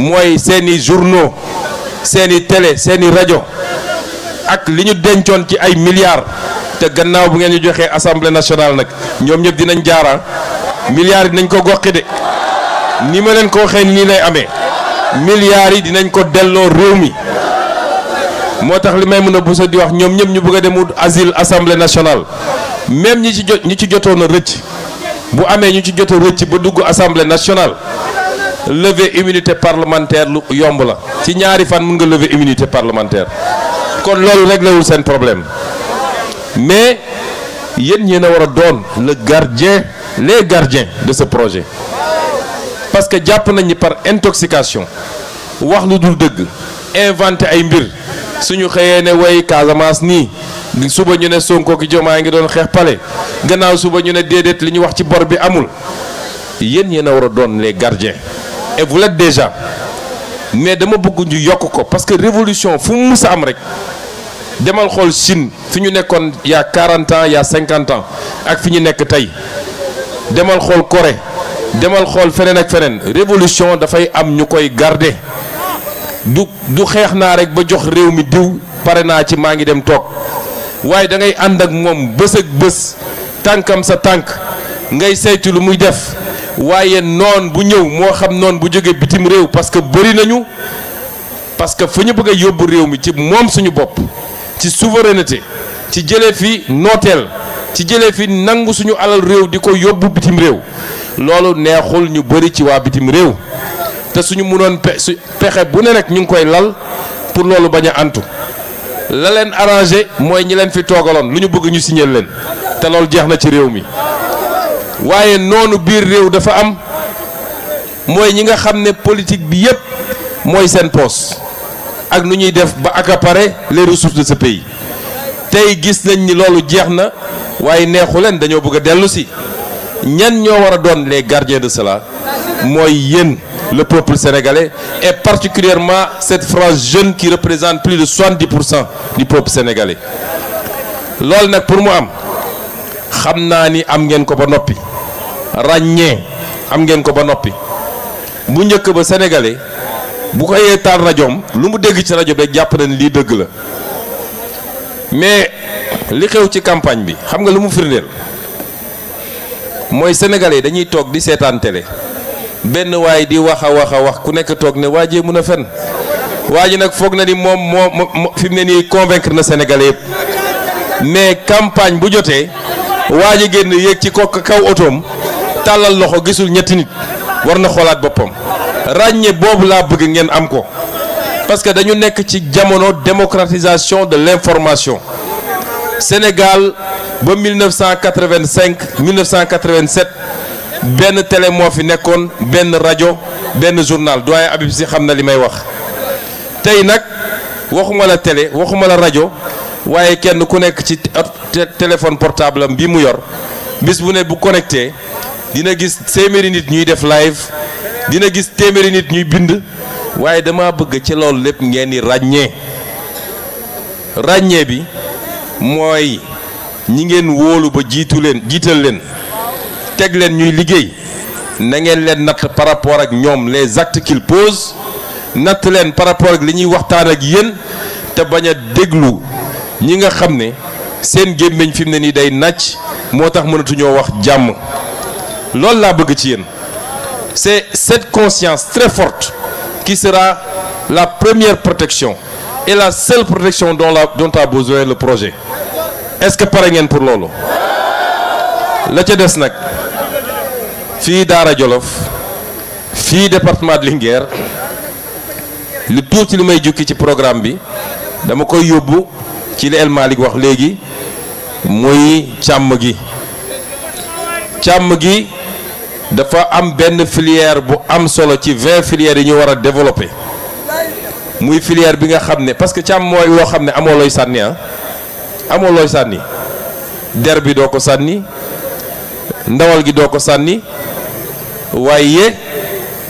mooy seeni journaux seeni télé seeni rajo ak li ñu dencoon ci ay milliards te gannaaw bu ngeen ñu joxee assemblée nationale nag ñoom ñëpp dinañ jaara milliards yi dinañ ko goqi de ni ma leen ko waxee nii lay amee milliards yi dinañ ko delloo réew mi moo tax li may mën a busa di wax ñoom ñëpp ñu bëgg a dem asile assemblée nationale même ñu ci jot ñi ci jotoon a rëcc bu amee ñu ci jotoo rëcc ba dugg assemblée nationale lever immunité parlementaire lu yomb la ci ñaari fan mën nga lever immunité parlementaire kon loolu réglé wul seen problème mais yéen ñeen a war a doon le gardien les gardiens de ce projet parce que jàpp nañ ni par intoxication wax lu dul dëgg inventé ay mbir suñu xëyee ne way Casamance nii suba ñu ne Sonko ki Diomaye ngi doon xeex pale gannaaw suba ñu ne déedéet li ñu wax ci bor bi amul yéen yéen a war a doon les gardiens et vous l'êtes déjà mais dama bëgg ñu yokk ko parce que révolution fu mu sa am rek demal xool Chine fi ñu nekkoon yaa y a 40 ans il ak fi ñu nekk tey demal xool Corée demal xool feneen ak feneen révolution dafay am ñu koy garder du du xeex naa rek ba jox réew mi diw pare naa ci maa ngi dem toog waaye da ngay ànd ak moom bës ak bés tànkam sa tànk ngay saytu lu muy def waaye noon bu ñëw moo xam noon bu jógee bitim réew parce que bëri nañu parce que fu ñu bëggee yóbbu réew mi ci moom suñu bopp ci souveraineté ci jëlee fi nooteel ci jële fi nangu suñu alal réew di ko yóbbu bitim réew loolu neexul ñu bëri ci waa bitim réew te suñu mënoon su pexe bu ne rekk ñu ngi koy lal pour loolu bañ a antu la leen arrangé mooy ñi leen fi toogaloon lu ñu bëgg ñu signé leen te loolu jeex na ci réew mi. waaye noonu biir réew dafa am mooy ñi nga xam ne politique bi yépp mooy seen poos ak nu ñuy def ba accaparer les ressources de sa pays tey gis nañ ni loolu jeex na waaye neexu leen dañoo bëgg a dellu si ñan ñoo war a doon les gardiens de cela mooy yéen le peuple sénégalais et particulièrement cette frange jeune qui représente plus de 70 pour cent du peuple sénégalais loolu nag pour mu am xam naa ni am ngeen ko ba noppi ràññee am ngeen ko ba noppi bu njëkk ba sénégalais bu ko yee taal rajoom lu mu dégg ci rajo bi jàpp na ni lii dëgg la mais li xew ci campagne bi xam nga lu mu firndeel mooy sénégalais dañuy toog di seetaan télé benn waay di wax a wax a wax ku nekk toog ne waa jee mën a fen waa ji nag foog na ni moom moo fi ne nii convaincre na sénégalais yëpp mais campagne bu jotee waa ji génn yéeg ci ko kaw otoom tàllal loxo gisul ñetti nit war na xoolaat boppam ràññe boobu laa bëgg ngeen am ko parce que dañu nekk ci jamono démocratisation de l'information Sénégal ba 1985 1987 benn télé moo fi nekkoon benn rajo benn journal doyen Habib Sy xam na li may wax tey nag waxuma la télé waxuma la rajo waaye kenn ku nekk ci téléphone portable bi mu yor bis bu ne bu connecté dina gis téeméeri nit ñuy def live dina gis téeméeri nit ñuy bind waaye dama bëgg ci loolu lépp ngeen di ràññee ràññee bi mooy ñi ngeen wóolu ba jiitu leen jiital leen teg leen ñuy liggéey na ngeen leen natt par rapport ak ñoom les actes qu'ils natt leen par rapport ak li ñuy waxtaan ak yéen te bañ a déglu ñi nga xam ne seen gémmiñ fi mu ne nii day nàcc moo tax mënatuñoo wax jàmm loolu laa bëgg ci yéen c'est cette conscience très forte qui sera la première protection et la seule protection dont la dont a le projet est-ce que pare ngeen pour loolu la ca des nag fii Daara Jolof fii département de Linguère lu ci lu may jukki ci programme bi dama koy yóbbu ci li El wax léegi muy càmm gi càmm gi dafa am benn filière bu am solo ci vingt filières yi ñu war a développer muy filière bi nga xam ne parce que am mooy loo xam ne amoo looy sànni ah sànni der bi doo ko sànni ndawal gi doo ko sànni waaye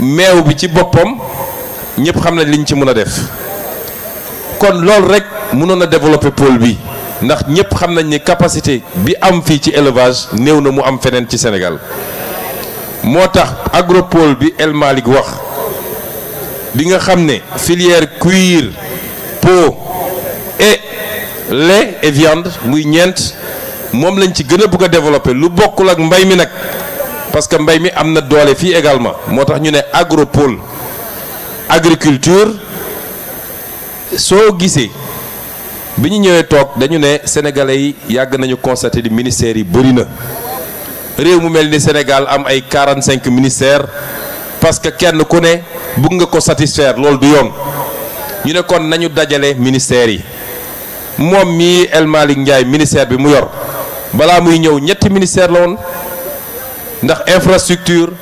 meew bi ci boppam ñëpp xam nañ liñ ci mën a def kon loolu rek mënoon a développer pôle bi ndax ñëpp xam nañ ni capacité bi am fii ci élevage néew na mu am feneen ci Sénégal. moo tax agropole bi El Malick wax bi nga xam ne filière cuir peau et lait et viande muy ñeent moom lañ ci gën a bëgg a développer lu bokkul ak mbay mi nag parce que mbay mi am na doole fii également moo tax ñu ne agropole agriculture soo gisee bi ñu ñëwee toog dañu ne sénégalais yi yàgg nañu constater di ministères yi bëri na. réew mu mel ni Sénégal am ay 45 ministères parce que kenn ku ne bëgg nga ko satisfaire loolu du yoon ñu ne kon nañu dajale ministères yi moom mii El Malick Ndiaye ministère bi mu yor balaa muy ñëw ñetti ministère la woon ndax infrastructure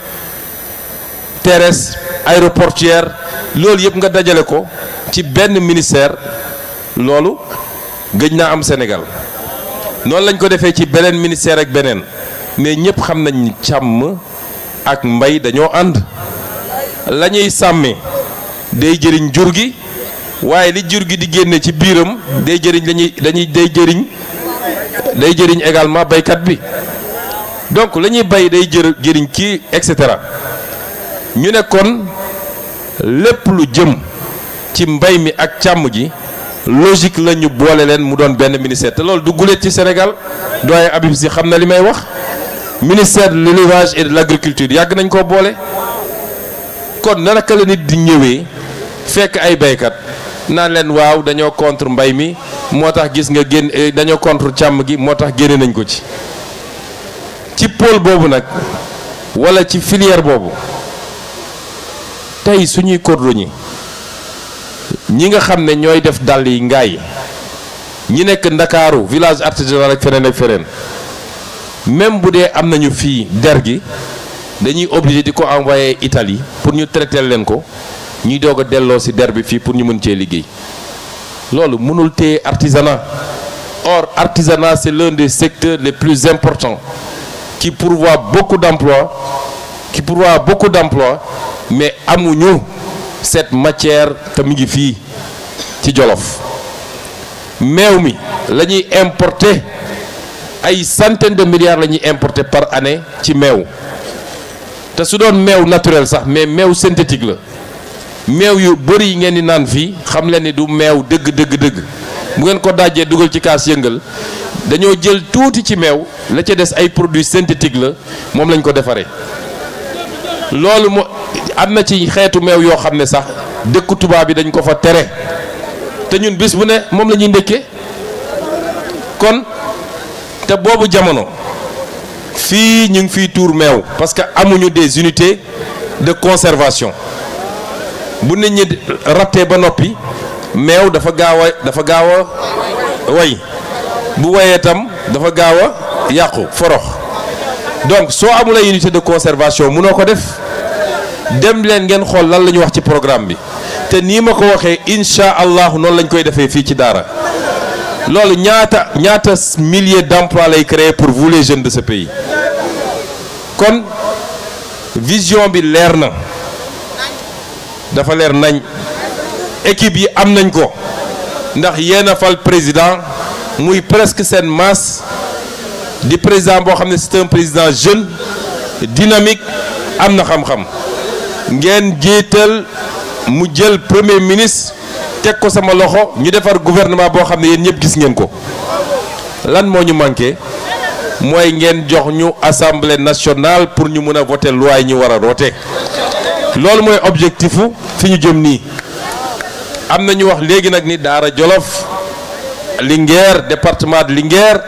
teres aéroportuaire loolu yëpp nga dajale ko ci benn ministère loolu gëj naa am Sénégal noonu lañ ko defee ci beneen ministère ak beneen mais ñëpp xam nañ ni càmm ak mbay dañoo ànd la ñuy sàmmee day jëriñ jur gi waaye li jur gi di génne ci biiram day jëriñ lañuy dañuy day jëriñ day jëriñ également baykat bi donc la ñuy bay day jër jëriñ kii et cetera ñu nekkoon lépp lu jëm ci mbay mi ak càmm ji logique la ñu boole leen mu doon benn ministère te loolu du guléet ci Sénégal doyen Habib si xam na li may wax ministère de l'élevage et de l'agriculture yàgg nañ koo boole kon naka la nit di ñëwee fekk ay baykat naa leen waaw dañoo contre mbay mi moo tax gis nga génn eh, dañoo contre càmm gi moo tax génne nañ ko ci ci pôle boobu nag walla ci filière boobu tey suñuy cordonnier ñi ñi nga xam ne ñooy def dàll yi ngaay ñi nekk ndakaaru village artisanal ak feneen ak feneen même bu dee am nañu fii der gi dañuy obligé di ko envoyé Italie pour ñu traité leen ko ñuy doog a delloo ci der bi fii pour ñu mën cee liggéey loolu mënul téye artisanat or artisanat c'est l'un des secteurs les plus importants qui pourvoit beaucoup d'emplois qui pourvoit beaucoup d'emplois mais amuñu cette matière te mu ngi fii ci Jolof meew mi la ñuy importer ay centaine de milliards lañuy ñuy par année ci meew te su doon meew naturel sax mais meew synthétique la meew yu bëri yi ngeen di naan fii xam leen ni du meew dëgg dëgg dëgg bu ngeen ko dajee dugal ci kaas yëngal dañoo jël tuuti ci meew la ca des ay produits synthétiques la moom lañ ko defaree loolu mo am na ci xeetu meew yoo xam ne sax dëkku tubaab bi dañ ko fa tere te ñun bis bu ne moom la ñuy ndékkee kon te boobu jamono fii ñu ngi fiy tuur meew parce que amuñu des unités de conservation bu nit ñi rattee ba noppi meew dafa gaaw a dafa gaaw a way bu wayee tam dafa gaaw a yàqu forox donc soo amulee unité de conservation mu noo ko def dem leen ngeen xool lan la ñu wax ci programme bi te nii ma ko waxee incha allah noonu lañ koy defee fii ci daara loolu ñaata ñaata milliers d'emplois lay créer pour vous les de ce pays kon vision bi leer na dafa leer nañ équipe yi am nañ ko ndax yéen a fal président muy presque seen masse di président boo xam ne c'est un président jeune dynamique am na xam-xam ngeen jiital mu jël premier ministre teg ko sama loxo ñu defar gouvernement boo xam ne yéen ñëpp gis ngeen ko lan moo ñu manqué mooy ngeen jox ñu assemblée nationale pour ñu mën a voter loi ñu war a roote loolu mooy objectifu fi ñu jëm nii am na ñu wax léegi nag ni Daara Jolof Linguère département de Linguère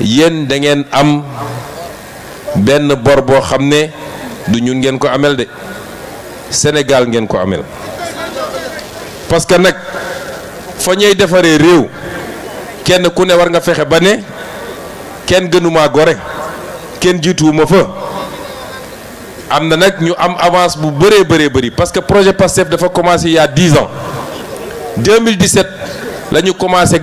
yéen da am benn bor boo xam ne du ñun ngeen ko amel de Sénégal ngeen ko ameel parce que nag fa ñuy defaree réew kenn ku ne war nga fexe ba ne kenn gënumaa gore kenn jiituwuma fa am na nag ñu am avance bu bëree bëree bëri parce que projet PASTEF dafa commencé il y a 10 ans 2017 la ñu commencé